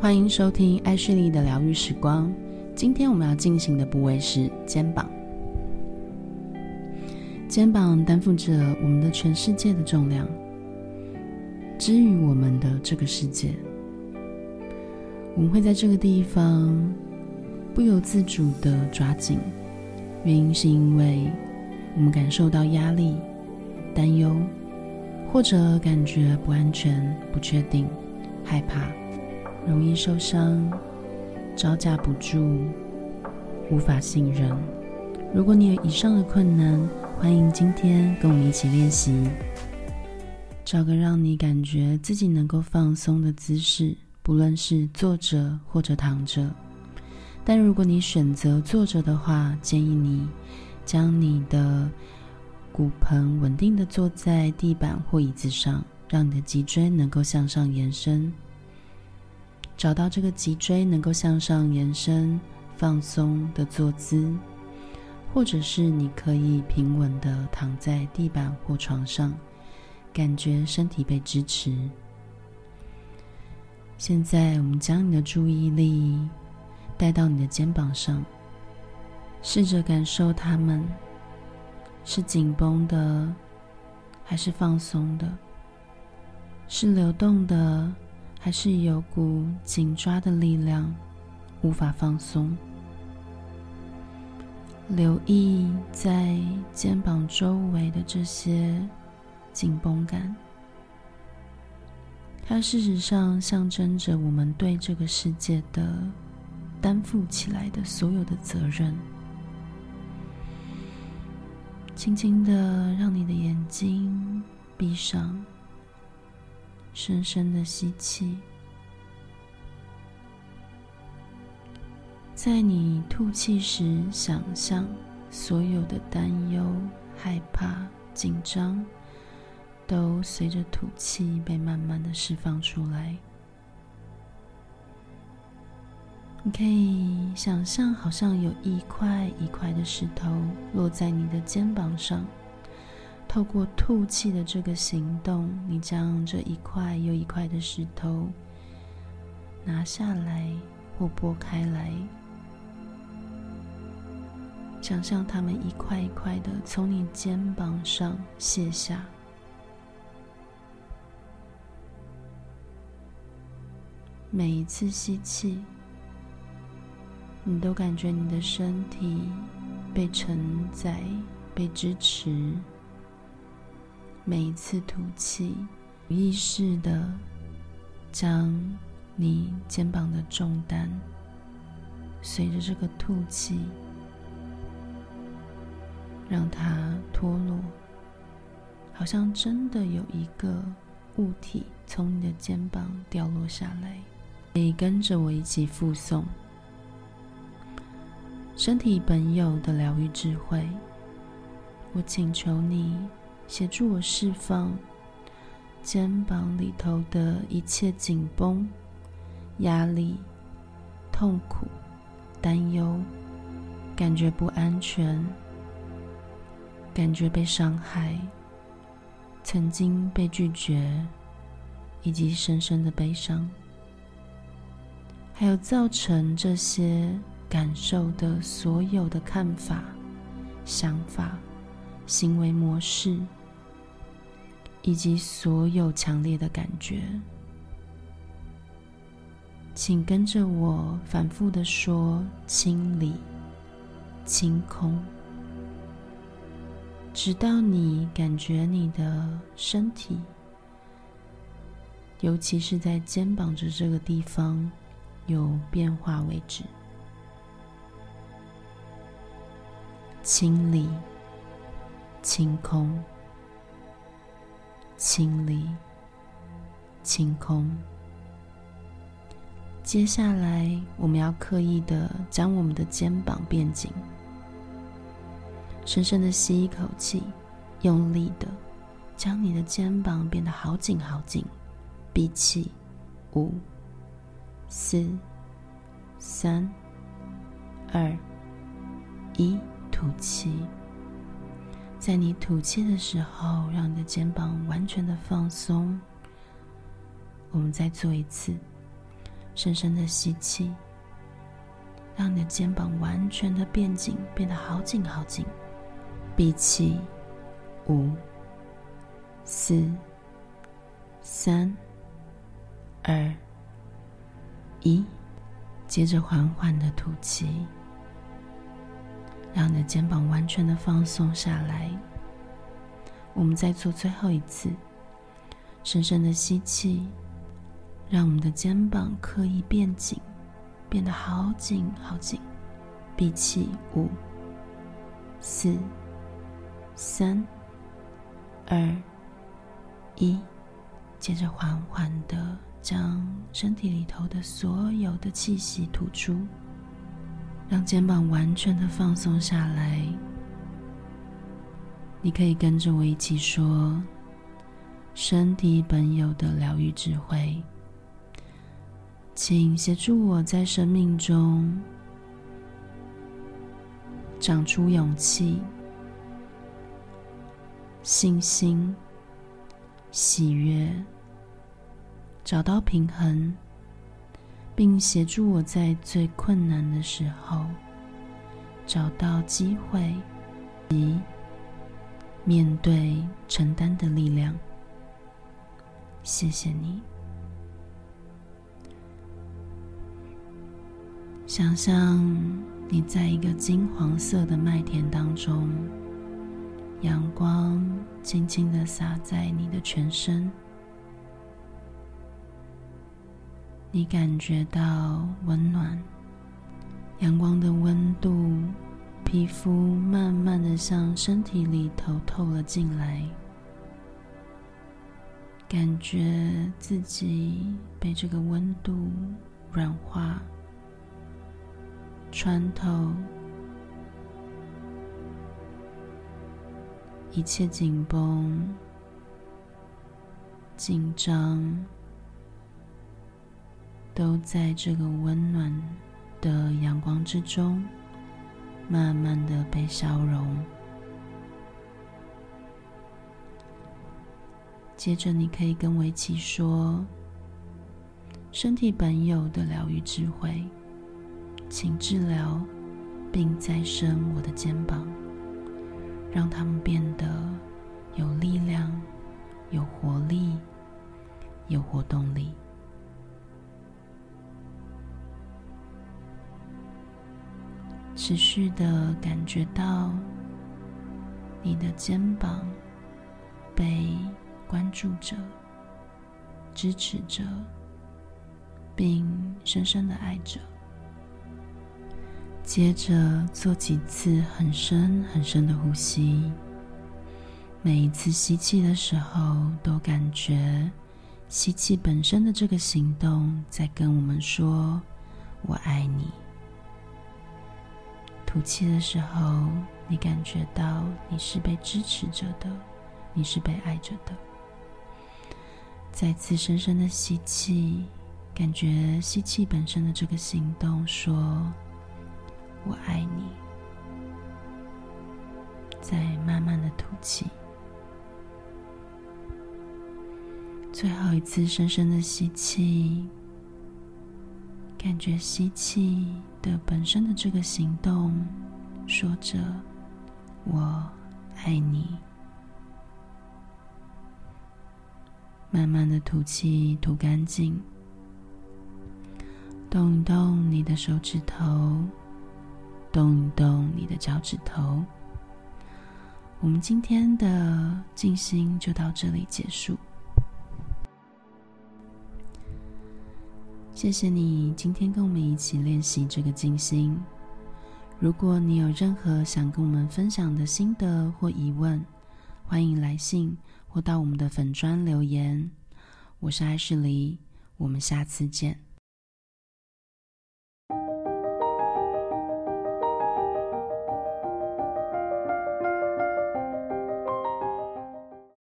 歡迎收聽愛旭黎的療癒時光。今天我們要進行的部位是肩膀。肩膀擔負着我們的全世界的重量，支於我們的這個世界。我們會在這個地方不由自主的抓緊，原因是因為我們感受到壓力、擔憂，或者感覺不安全、不確定、害怕。容易受傷，招架不住，無法信任。如果你有以上的困難，歡迎今天跟我們一起練習。找個讓你感覺自己能夠放鬆的姿勢，不論是坐着或者躺着。但如果你選擇坐着的話，建議你將你的骨盆穩定的坐在地板或椅子上，讓你的脊椎能夠向上延伸。找到這個脊椎能夠向上延伸、放鬆的坐姿，或者是你可以平穩的躺在地板或床上，感覺身體被支持。現在，我們將你的注意力帶到你的肩膀上，試着感受它們是緊繃的，還是放鬆的，是流動的。還是有股緊抓的力量，無法放鬆。留意在肩膀周圍的這些緊繃感，它事實上象徵着我們對這個世界的擔負起來的所有的責任。輕輕的，讓你的眼睛閉上。深深的吸氣，在你吐氣時，想象所有的擔憂、害怕、緊張都隨着吐氣被慢慢的釋放出來。你可以想象，好像有一塊一塊的石頭落在你的肩膀上。透過吐氣的這個行動，你將這一塊又一塊的石頭拿下來或撥開來。想象它們一塊一塊的從你肩膀上卸下。每一次吸氣，你都感覺你的身體被承載、被支持。每一次吐氣，有意識地將你肩膀的重擔隨着這個吐氣，讓它脫落，好像真的有一個物體從你的肩膀掉落下來。可以跟着我一起複誦身體本有的療癒智慧。我請求你，協助我釋放肩膀裡頭的一切緊繃、壓力、痛苦、擔憂，感覺不安全，感覺被傷害，曾經被拒絕，以及深深的悲傷，還有造成這些感受的所有的看法、想法。行為模式，以及所有強烈的感覺，請跟着我反覆地說“清理、清空”，直到你感覺你的身體，尤其是在肩膀這這個地方有變化為止。清理。清空，清理，清空。接下來，我們要刻意的將我們的肩膀變緊。深深的吸一口氣，用力的將你的肩膀變得好緊好緊。閉氣，五、四、三、二、一，吐氣。在你吐氣的時候，讓你的肩膀完全的放鬆。我們再做一次，深深的吸氣，讓你的肩膀完全的變緊，變得好緊好緊。閉氣，五、四、三、二、一，接着緩緩的吐氣。讓你的肩膀完全的放鬆下來。我們再做最後一次，深深的吸氣，讓我們的肩膀刻意變緊，變得好緊好緊。閉氣，五、四、三、二、一，接着緩緩的將身體裡頭的所有的氣息吐出。讓肩膀完全的放鬆下來。你可以跟着我一起說：“身體本有的療癒智慧，請協助我在生命中長出勇氣、信心、喜悅，找到平衡。”並協助我在最困難的時候找到機會及面對承擔的力量。謝謝你。想象你在一個金黃色的麥田當中，陽光輕輕的灑在你的全身。你感覺到溫暖，陽光的溫度，皮膚慢慢地向身體裡頭透了進來，感覺自己被這個溫度軟化，穿透一切緊繃、緊張。都在這個溫暖的陽光之中，慢慢的被消融。接着，你可以跟我一起說：“身體本有的療癒智慧，請治療並再生我的肩膀，讓它們變得有力量、有活力、有活動力。”持續的感覺到你的肩膀被關注着、支持着，並深深的愛着。接着做幾次很深很深的呼吸，每一次吸氣的時候，都感覺吸氣本身的這個行動在跟我們說“我愛你”。吐氣的時候，你感覺到你是被支持着的，你是被愛着的。再次深深的吸氣，感覺吸氣本身的這個行動，說“我愛你”。再慢慢的吐氣，最後一次深深的吸氣，感覺吸氣。的本身的這個行動，說着“我愛你”，慢慢的吐氣吐乾淨，動一動你的手指頭，動一動你的腳趾頭。我們今天的靜心就到這裡結束。謝謝你今天跟我們一起練習這個靜心。如果你有任何想跟我們分享的心得或疑問，歡迎來信或到我們的粉專留言。我是愛旭黎，我們下次見。